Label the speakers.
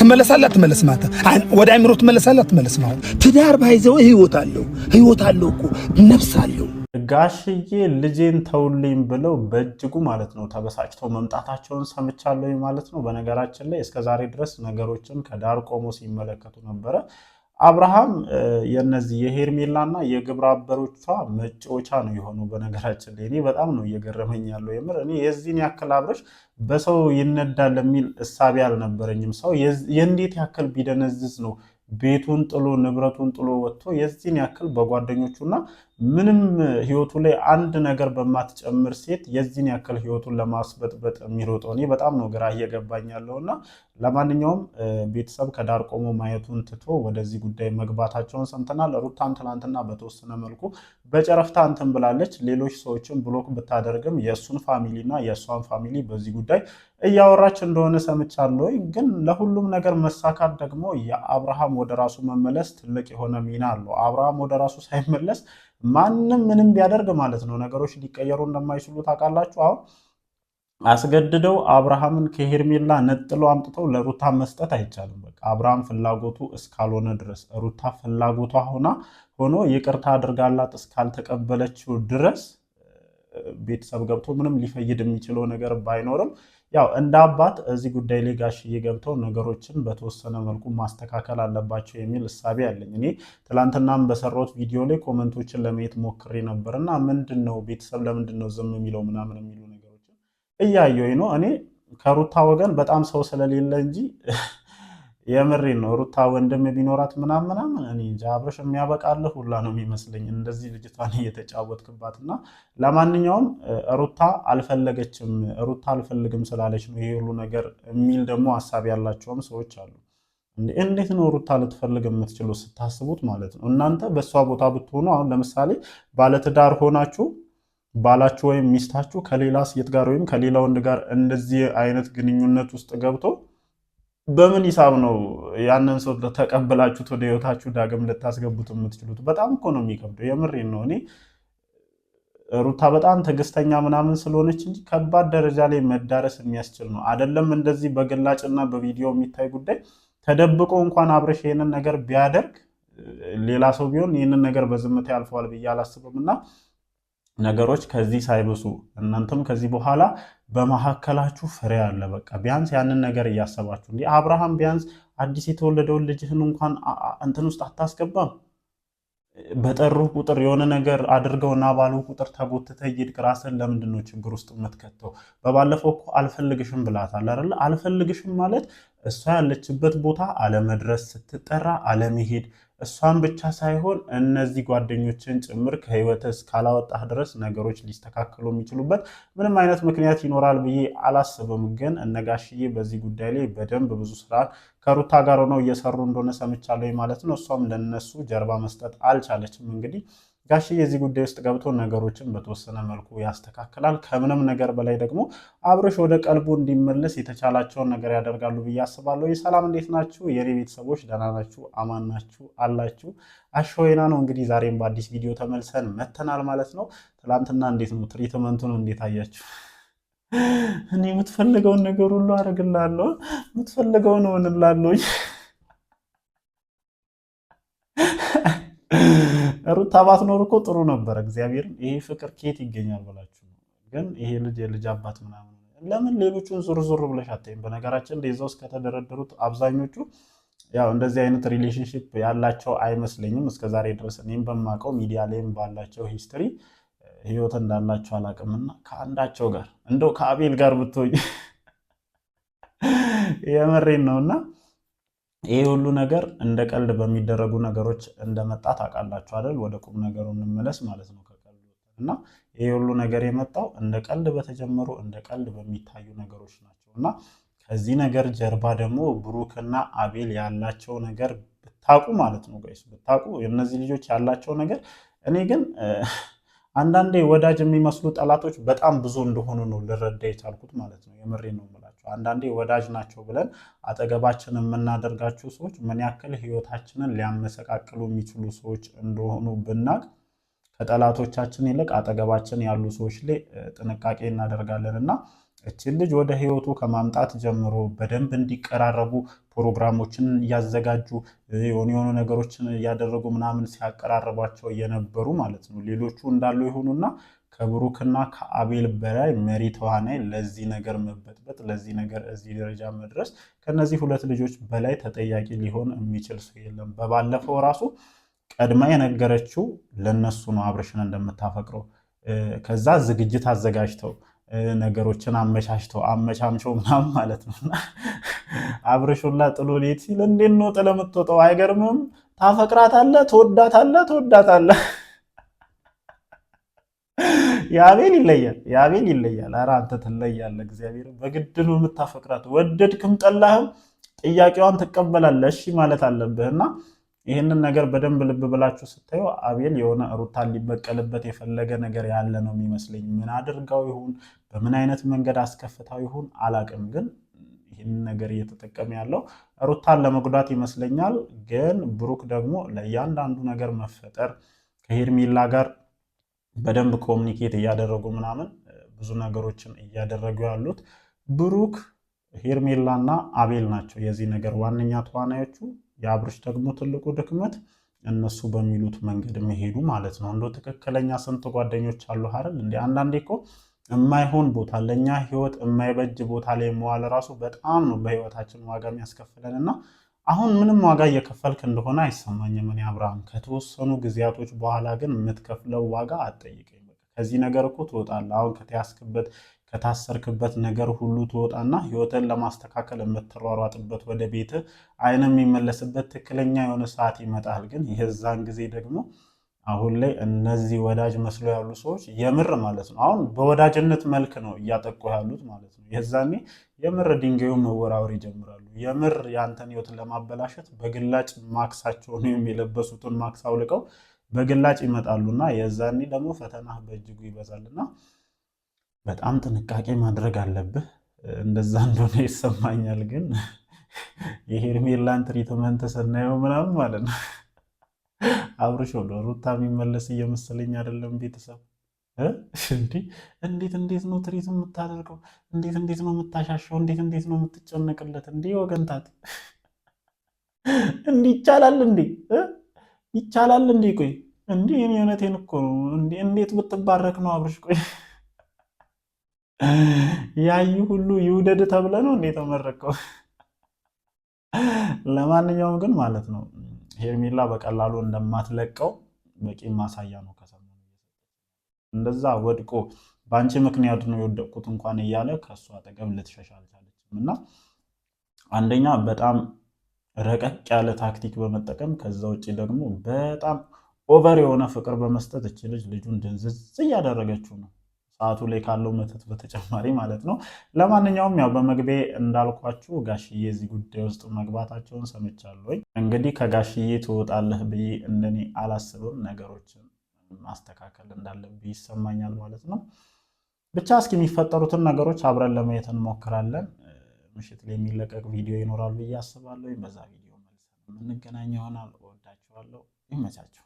Speaker 1: ትመለሳለህ አትመለስም? አንተ ወደ አእምሮ ትመለሳለህ አትመለስም? አሁን ትዳር ባይዘው ህይወት አለው ህይወት አለው እኮ ነፍስ አለው።
Speaker 2: ጋሽዬ ልጄን ተውልኝ ብለው በእጅጉ ማለት ነው ተበሳጭተው መምጣታቸውን ሰምቻለሁ ማለት ነው። በነገራችን ላይ እስከዛሬ ድረስ ነገሮችን ከዳር ቆሞ ሲመለከቱ ነበረ። አብርሃም የነዚህ የሄርሜላና የግብረ አበሮቿ መጫወቻ ነው የሆነው። በነገራችን ላይ እኔ በጣም ነው እየገረመኝ ያለው የምር እኔ የዚህን ያክል አብረሽ በሰው ይነዳል የሚል እሳቤ አልነበረኝም። ሰው የእንዴት ያክል ቢደነዝዝ ነው ቤቱን ጥሎ ንብረቱን ጥሎ ወጥቶ የዚህን ያክል በጓደኞቹና ምንም ህይወቱ ላይ አንድ ነገር በማትጨምር ሴት የዚህን ያክል ህይወቱን ለማስበጥበጥ የሚሮጠው እኔ በጣም ነው ግራ እየገባኝ ያለው እና ለማንኛውም ቤተሰብ ከዳር ቆሞ ማየቱን ትቶ ወደዚህ ጉዳይ መግባታቸውን ሰምተናል። ሩታም ትናንትና በተወሰነ መልኩ በጨረፍታ እንትን ብላለች። ሌሎች ሰዎችን ብሎክ ብታደርግም የእሱን ፋሚሊ እና የእሷን ፋሚሊ በዚህ ጉዳይ እያወራች እንደሆነ ሰምቻለሁ። ግን ለሁሉም ነገር መሳካት ደግሞ የአብርሃም ወደ ራሱ መመለስ ትልቅ የሆነ ሚና አለው። አብርሃም ወደ ራሱ ሳይመለስ ማንም ምንም ቢያደርግ ማለት ነው ነገሮች ሊቀየሩ እንደማይችሉ ታውቃላችሁ አሁን አስገድደው አብርሃምን ከሄርሜላ ነጥሎ አምጥተው ለሩታ መስጠት አይቻልም። በቃ አብርሃም ፍላጎቱ እስካልሆነ ድረስ ሩታ ፍላጎቷ ሆና ሆኖ ይቅርታ አድርጋላት እስካልተቀበለችው ድረስ ቤተሰብ ገብቶ ምንም ሊፈይድ የሚችለው ነገር ባይኖርም ያው እንደ አባት እዚህ ጉዳይ ላይ ጋሽዬ ገብተው ነገሮችን በተወሰነ መልኩ ማስተካከል አለባቸው የሚል እሳቤ አለኝ። እኔ ትላንትናም በሰራሁት ቪዲዮ ላይ ኮመንቶችን ለማየት ሞክሬ ነበር እና ምንድን ነው ቤተሰብ ለምንድን ነው ዝም የሚለው ምናምን የሚሉ እያየሁኝ ነው። እኔ ከሩታ ወገን በጣም ሰው ስለሌለ እንጂ የምሬን ነው። ሩታ ወንድም ቢኖራት ምናምን ምናምን እኔ እንጃ አብረሽ የሚያበቃልህ ሁላ ነው የሚመስለኝ እንደዚህ ልጅቷን እየተጫወትክባት እና ለማንኛውም ሩታ አልፈለገችም፣ ሩታ አልፈልግም ስላለች ነው ይሄ ሁሉ ነገር የሚል ደግሞ ሀሳብ ያላቸውም ሰዎች አሉ። እንዴት ነው ሩታ ልትፈልግ የምትችሉ ስታስቡት ማለት ነው። እናንተ በእሷ ቦታ ብትሆኑ አሁን ለምሳሌ ባለትዳር ሆናችሁ ባላችሁ ወይም ሚስታችሁ ከሌላ ሴት ጋር ወይም ከሌላ ወንድ ጋር እንደዚህ አይነት ግንኙነት ውስጥ ገብቶ በምን ሂሳብ ነው ያንን ሰው ተቀብላችሁት ወደ ህይወታችሁ ዳግም ልታስገቡት የምትችሉት? በጣም እኮ ነው የሚከብደው። የምሬን ነው። እኔ ሩታ በጣም ትዕግስተኛ ምናምን ስለሆነች እንጂ ከባድ ደረጃ ላይ መዳረስ የሚያስችል ነው። አይደለም እንደዚህ በግላጭና በቪዲዮ የሚታይ ጉዳይ ተደብቆ እንኳን አብረሽ ይህንን ነገር ቢያደርግ ሌላ ሰው ቢሆን ይህንን ነገር በዝምታ ያልፈዋል ብዬ አላስብም እና ነገሮች ከዚህ ሳይብሱ እናንተም ከዚህ በኋላ በመካከላችሁ ፍሬ አለ። በቃ ቢያንስ ያንን ነገር እያሰባችሁ እንዲህ አብርሃም ቢያንስ አዲስ የተወለደውን ልጅህን እንኳን እንትን ውስጥ አታስገባም። በጠሩ ቁጥር የሆነ ነገር አድርገውና ባሉ ቁጥር ተጎትተ ይድቅ። ራስን ለምንድን ነው ችግር ውስጥ የምትከተው? በባለፈው እኮ አልፈልግሽም ብላታል አይደለ? አልፈልግሽም ማለት እሷ ያለችበት ቦታ አለመድረስ፣ ስትጠራ አለመሄድ እሷን ብቻ ሳይሆን እነዚህ ጓደኞችን ጭምር ከህይወት እስካላወጣህ ድረስ ነገሮች ሊስተካከሉ የሚችሉበት ምንም አይነት ምክንያት ይኖራል ብዬ አላስብም። ግን እነጋሽዬ በዚህ ጉዳይ ላይ በደንብ ብዙ ስራ ከሩታ ጋር ሆነው እየሰሩ እንደሆነ ሰምቻለሁ ማለት ነው። እሷም ለነሱ ጀርባ መስጠት አልቻለችም እንግዲህ ጋሽ የዚህ ጉዳይ ውስጥ ገብቶ ነገሮችን በተወሰነ መልኩ ያስተካክላል። ከምንም ነገር በላይ ደግሞ አብርሽ ወደ ቀልቡ እንዲመለስ የተቻላቸውን ነገር ያደርጋሉ ብዬ አስባለሁ። ሰላም እንዴት ናችሁ? የኔ ቤተሰቦች ደህና ናችሁ? አማን ናችሁ አላችሁ? አሸወይና ነው እንግዲህ ዛሬም በአዲስ ቪዲዮ ተመልሰን መተናል ማለት ነው። ትላንትና እንዴት ነው ነው እንዴት አያችሁ? እኔ የምትፈልገውን ነገር ሁሉ አደርግልሃለሁ፣ የምትፈልገውን እሆንልሃለሁ ሩታ ባትኖር እኮ ጥሩ ነበር። እግዚአብሔርን ይሄ ፍቅር ከት ይገኛል ብላችሁ ግን ይሄ ልጅ የልጅ አባት ምናምን ለምን ሌሎቹን ዙር ዙር ብለሽ አታይም? በነገራችን ላይ እዛ ውስጥ ከተደረደሩት አብዛኞቹ ያው እንደዚህ አይነት ሪሌሽንሽፕ ያላቸው አይመስለኝም። እስከዛሬ ድረስ እኔም በማውቀው ሚዲያ ላይም ባላቸው ሂስትሪ ህይወት እንዳላቸው አላቅምና ከአንዳቸው ጋር እንደው ከአቤል ጋር ብትሆኝ የመሬን ነውና ይሄ ሁሉ ነገር እንደ ቀልድ በሚደረጉ ነገሮች እንደመጣ ታውቃላችሁ አይደል? ወደ ቁም ነገሩ እንመለስ ማለት ነው። እና ይሄ ሁሉ ነገር የመጣው እንደ ቀልድ በተጀመሩ እንደ ቀልድ በሚታዩ ነገሮች ናቸው እና ከዚህ ነገር ጀርባ ደግሞ ብሩክና አቤል ያላቸው ነገር ብታቁ ማለት ነው ጋይስ፣ ብታቁ እነዚህ ልጆች ያላቸው ነገር እኔ ግን አንዳንዴ ወዳጅ የሚመስሉ ጠላቶች በጣም ብዙ እንደሆኑ ነው ልረዳ የቻልኩት ማለት ነው። የምሬ ነው። ናቸው። አንዳንዴ ወዳጅ ናቸው ብለን አጠገባችን የምናደርጋቸው ሰዎች ምን ያክል ህይወታችንን ሊያመሰቃቅሉ የሚችሉ ሰዎች እንደሆኑ ብናቅ ከጠላቶቻችን ይልቅ አጠገባችን ያሉ ሰዎች ላይ ጥንቃቄ እናደርጋለን እና እችን ልጅ ወደ ህይወቱ ከማምጣት ጀምሮ በደንብ እንዲቀራረቡ ፕሮግራሞችን እያዘጋጁ የሆኑ የሆኑ ነገሮችን እያደረጉ ምናምን ሲያቀራርቧቸው እየነበሩ ማለት ነው። ሌሎቹ እንዳሉ የሆኑና ከብሩክና ከአቤል በላይ መሪ ተዋናይ ለዚህ ነገር መበጥበጥ፣ ለዚህ ነገር እዚህ ደረጃ መድረስ ከነዚህ ሁለት ልጆች በላይ ተጠያቂ ሊሆን የሚችል ሰው የለም። በባለፈው ራሱ ቀድማ የነገረችው ለነሱ ነው አብርሽን እንደምታፈቅረው ከዛ ዝግጅት አዘጋጅተው ነገሮችን አመቻችተው አመቻምቸው ምናምን ማለት ነው። አብረሾላ ጥሎ ሌት ሲል እንዴት ነው ጥለህ የምትወጣው? አይገርምም? ታፈቅራታለህ፣ ትወዳታለህ፣ ትወዳታለህ። የአቤል ይለያል፣ የአቤል ይለያል። ኧረ አንተ ትለያለህ። እግዚአብሔር በግድ ነው የምታፈቅራት። ወደድክም ጠላህም ጥያቄዋን ትቀበላለህ። እሺ ማለት አለብህ እና ይህንን ነገር በደንብ ልብ ብላችሁ ስታዩ አቤል የሆነ ሩታን ሊበቀልበት የፈለገ ነገር ያለ ነው የሚመስለኝ። ምን አድርጋው ይሁን በምን አይነት መንገድ አስከፍታው ይሁን አላቅም፣ ግን ይህንን ነገር እየተጠቀመ ያለው ሩታን ለመጉዳት ይመስለኛል። ግን ብሩክ ደግሞ ለእያንዳንዱ ነገር መፈጠር ከሄርሜላ ጋር በደንብ ኮሚኒኬት እያደረጉ ምናምን ብዙ ነገሮችን እያደረጉ ያሉት ብሩክ ሄርሜላ እና አቤል ናቸው የዚህ ነገር ዋነኛ ተዋናዮቹ። የአብርሽ ደግሞ ትልቁ ድክመት እነሱ በሚሉት መንገድ መሄዱ ማለት ነው። እንደ ትክክለኛ ስንት ጓደኞች አሉ አይደል? እንደ አንዳንዴ እኮ የማይሆን ቦታ ለእኛ ህይወት የማይበጅ ቦታ ላይ መዋል ራሱ በጣም ነው በህይወታችን ዋጋ የሚያስከፍለን እና አሁን ምንም ዋጋ እየከፈልክ እንደሆነ አይሰማኝም። እኔ አብርሃም ከተወሰኑ ጊዜያቶች በኋላ ግን የምትከፍለው ዋጋ አትጠይቀኝ። ከዚህ ነገር እኮ ትወጣለህ። አሁን ከተያዝክበት ከታሰርክበት ነገር ሁሉ ትወጣና ህይወትን ለማስተካከል የምትሯሯጥበት ወደ ቤት አይን የሚመለስበት ትክክለኛ የሆነ ሰዓት ይመጣል። ግን የዛን ጊዜ ደግሞ አሁን ላይ እነዚህ ወዳጅ መስሎ ያሉ ሰዎች የምር ማለት ነው አሁን በወዳጅነት መልክ ነው እያጠቁ ያሉት ማለት ነው። የዛኔ የምር ድንጋዩ መወራወር ይጀምራሉ። የምር የአንተን ህይወትን ለማበላሸት በግላጭ ማክሳቸውን የሚለበሱትን ማክስ አውልቀው በግላጭ ይመጣሉና የዛኔ ደግሞ ፈተና በእጅጉ ይበዛልና በጣም ጥንቃቄ ማድረግ አለብህ። እንደዛ እንደሆነ ይሰማኛል። ግን የሄርሜላን ትሪትመንት ስናየው ምናምን ማለት ነው አብርሽ ወደ ሩታ የሚመለስ እየመሰለኝ አይደለም። ቤተሰብ እንዴት እንዴት ነው ትሪት የምታደርገው? እንዴት እንዴት ነው የምታሻሸው? እንዴት እንዴት ነው የምትጨነቅለት? እንዴ ወገንታት እንዲ ይቻላል እንዴ ይቻላል እንዴ? ቆይ እንዲ እኔ እውነቴን እኮ ነው። እንዴት ብትባረክ ነው አብርሽ? ቆይ ያዩ ሁሉ ይውደድ ተብለ ነው እንዴ ተመረቀው? ለማንኛውም ግን ማለት ነው ሄርሜላ በቀላሉ እንደማትለቀው በቂ ማሳያ ነው። ከሰሞኑ እንደዛ ወድቆ በአንቺ ምክንያት ነው የወደቅኩት እንኳን እያለ ከእሱ አጠገብ ልትሸሽ አልቻለችም። እና አንደኛ በጣም ረቀቅ ያለ ታክቲክ በመጠቀም ከዛ ውጭ ደግሞ በጣም ኦቨር የሆነ ፍቅር በመስጠት እች ልጅ ልጁን ድንዝዝ እያደረገችው ነው። ሰዓቱ ላይ ካለው መተት በተጨማሪ ማለት ነው። ለማንኛውም ያው በመግቤ እንዳልኳችሁ ጋሽዬ እዚህ ጉዳይ ውስጥ መግባታቸውን ሰምቻለሁኝ። እንግዲህ ከጋሽዬ ትወጣለህ ብዬ እንደኔ አላስብም። ነገሮችን ማስተካከል እንዳለብህ ይሰማኛል ማለት ነው። ብቻ እስኪ የሚፈጠሩትን ነገሮች አብረን ለማየት እንሞክራለን። ምሽት ላይ የሚለቀቅ ቪዲዮ ይኖራል ብዬ አስባለሁ። በዛ ቪዲዮ መልስ የምንገናኝ ይሆናል። እወዳችኋለሁ። ይመቻችሁ።